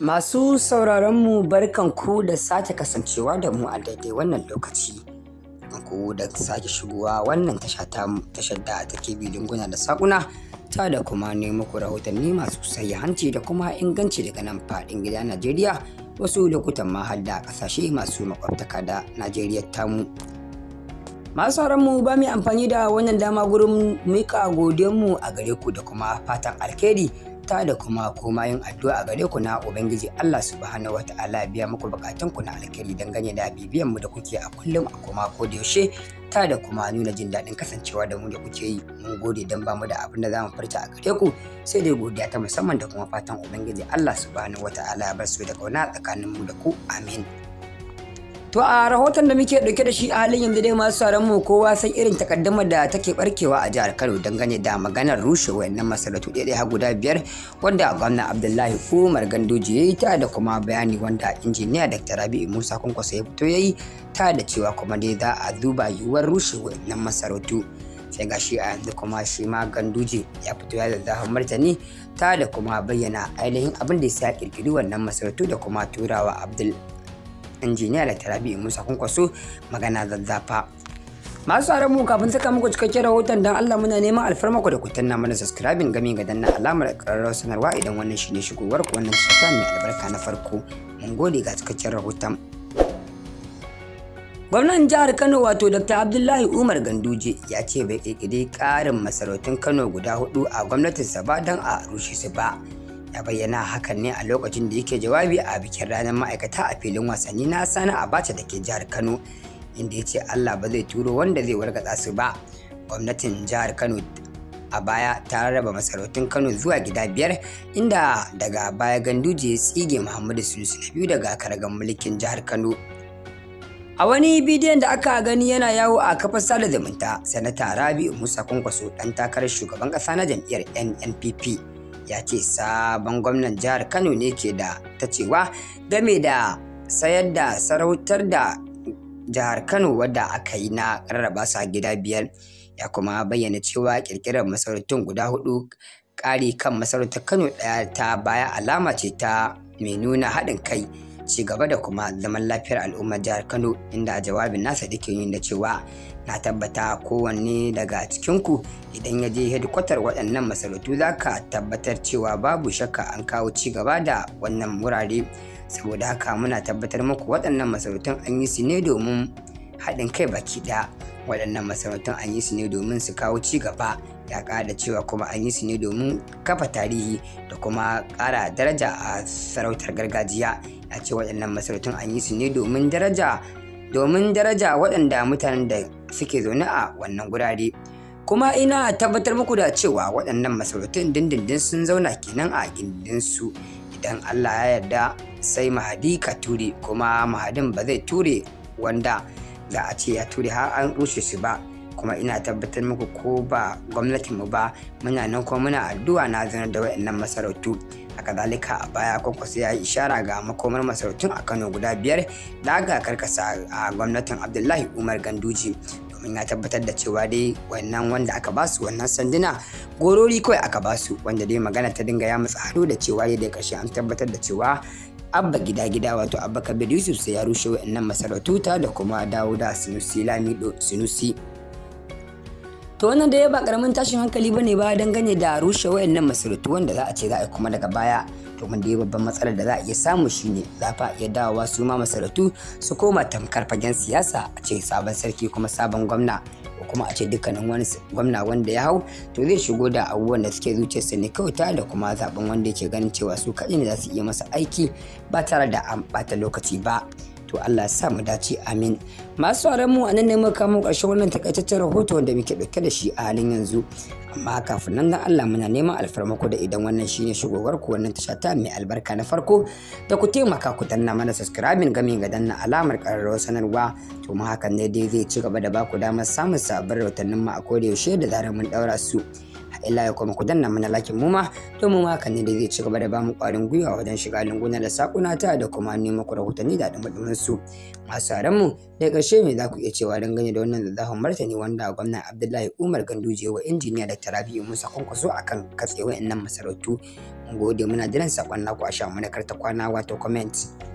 Masu sauraronmu barkanku da sake kasancewa da mu a daidai wannan lokaci. Ku da sake shigowa wannan tashar da take lunguna da sakuna ta da kuma ne ku rahotanni masu sayi hanci da kuma inganci daga nan faɗin gida Najeriya wasu lokutan ma har da ƙasashe masu makwabtaka da Najeriya mu. Masu mu ba mai amfani da wannan dama gurin mika godiyonmu a gare ku da kuma fatan alkhairi. Ta da kuma koma yin addu'a a gare ku na Ubangiji Allah subhanahu wa ta'ala biya muku bukatun ku na alkhairi dangane da bibiyan mu da kuke a kullum a kuma ko da yaushe ta da kuma nuna jin daɗin kasancewa da mu da kuke yi mun gode dan ba mu da abin da za mu furta a gare ku sai dai godiya ta musamman da kuma fatan Ubangiji Allah subhanahu wa ta'ala ya bar su da kauna tsakanin mu da ku amin To a rahoton da muke ɗauke da shi a halin yanzu dai masu sauran mu kowa san irin takaddama da take barkewa a jihar Kano dangane da maganar rushe wayannan masarautu ɗaya ha guda biyar wanda gwamna Abdullahi Umar Gandoji ya yi ta da kuma bayani wanda injiniya Dr. Rabi'u Musa Kwankwaso ya fito ya yi ta da cewa kuma dai za a duba yiwuwar rushe wayannan masarautu. sai ga shi a yanzu kuma shi ma ya fito ya zazzafin martani ta da kuma bayyana ainihin abin da ya sa kirkiri wannan masarautu da kuma turawa abdul injiniya da tarabi musa kwankwaso magana zazzafa masu tsaron mu kafin saka muku cikakken rahoton don allah muna neman ku da ku tanna mana subscribe gami ga danna alamar ƙararrawar sanarwa idan wannan ne shigowar ku wannan shi mai albarka na farko mun gode ga cikakken rahoton gwamnan jihar kano wato dr abdullahi umar ganduje ya ce bai ƙirƙiri ƙarin masarautun kano guda hudu a gwamnatinsa ba don a rushe su ba ya bayyana hakan ne a lokacin da yake jawabi a bikin ranar ma'aikata a filin wasanni na sana abacha da ke jihar kano inda ya ce allah ba zai turo wanda zai wargatsa su ba gwamnatin jihar kano a baya ta rarraba masarautun kano zuwa gida biyar inda daga baya ganduje ya tsige muhammadu sulusu biyu daga karagan mulkin jihar kano a wani bidiyon da aka gani yana yawo a kafar sada zumunta sanata rabi'u musa kwankwaso dan takarar shugaban kasa na jam'iyyar nnpp ya ce sabon gwamnan jihar kano ne ke da ta cewa game da sayar da sarautar da jihar kano wadda aka yi na rarraba su a gida biyar ya kuma bayyana cewa kirkirar masarautun guda hudu ƙari kan masarautar kano ɗaya ta baya alama ce ta mai nuna haɗin kai ci gaba da kuma zaman lafiyar al'ummar jihar Kano inda a jawabin nasa dake yin da cewa na tabbata kowanne daga cikinku idan ya je hedikwatar waɗannan masarautu za ka tabbatar cewa babu shakka an kawo ci gaba da wannan wurare saboda haka muna tabbatar muku waɗannan masarautun an yi su ne domin haɗin kai baki ɗaya waɗannan masarautun an yi su ne domin su kawo ci gaba ya ƙara cewa kuma an yi su ne domin kafa tarihi da kuma ƙara daraja a sarautar gargajiya ya ce waɗannan masarautun an yi su ne domin daraja domin daraja waɗanda mutanen da suke zaune a wannan gurare kuma ina tabbatar muku da cewa waɗannan masarautun dindindin sun zauna kenan a su idan allah ya yarda sai mahadi ka ture kuma mahadin ba zai ture wanda da a ce ya ture har an rushe su ba kuma ina tabbatar muku ko ba gwamnatin mu ba muna nan kuma muna addu'a na zanar da wayannan masarautu a kazalika a baya kwankwaso ya yi ishara ga makomar masarautun a kano guda biyar da aka karkasa a gwamnatin abdullahi umar ganduji domin ya tabbatar da cewa dai wannan wanda aka basu wannan sanduna gorori kawai aka basu wanda dai magana ta dinga ya matsa hado da cewa dai da karshe an tabbatar da cewa abba gida gida wato abba kabir yusuf sai ya rushe wa'annan masaraututa da kuma dawo da sinusi lamido sinusi to wannan da ya ba karamin tashin hankali bane ba dangane da rushe wayannan masarautu wanda za a ce za a kuma daga baya domin da ya babban matsalar da za a iya samu shine za fa iya dawowa su ma masarautu su koma tamkar fagen siyasa a ce sabon sarki kuma sabon gwamna ko kuma a ce dukkanin wani gwamna wanda ya hau to zai shigo da abubuwan da suke zuciyarsa ne kyauta da kuma zaben wanda yake ganin cewa su kaɗai ne za su iya masa aiki ba tare da an ɓata lokaci ba. to Allah ya sa mu dace amin masu tsaron mu a nan ne muka kawo wannan takaitaccen rahoto wanda muke ɗauke da shi a halin yanzu amma kafin nan dan Allah muna neman alfarmako da idan wannan shine shugowar ku wannan tasha ta mai albarka na farko da ku taimaka ku danna mana subscribing game ga danna alamar ƙararrawar sanarwa to mu hakan ne dai zai ci gaba da ba ku damar samun sabbin rahotannin mu a koda yaushe da zarar mun daura su illa ya kuma ku danna mana lakin mu ma ma kan ne da zai ci gaba da bamu kwarin gwiwa wajen shiga lunguna da sakuna ta da kuma nemo ku rahotanni da dumadumin su masu haran mu da ƙarshe me za ku iya cewa gani da wannan zazzafin martani wanda gwamnati Abdullahi Umar Ganduje wa injiniya da Rabi'u Musa Kwankwaso akan katse wayannan masarautu mun gode muna jiran sakon naku a sha mu na karta kwana wato comment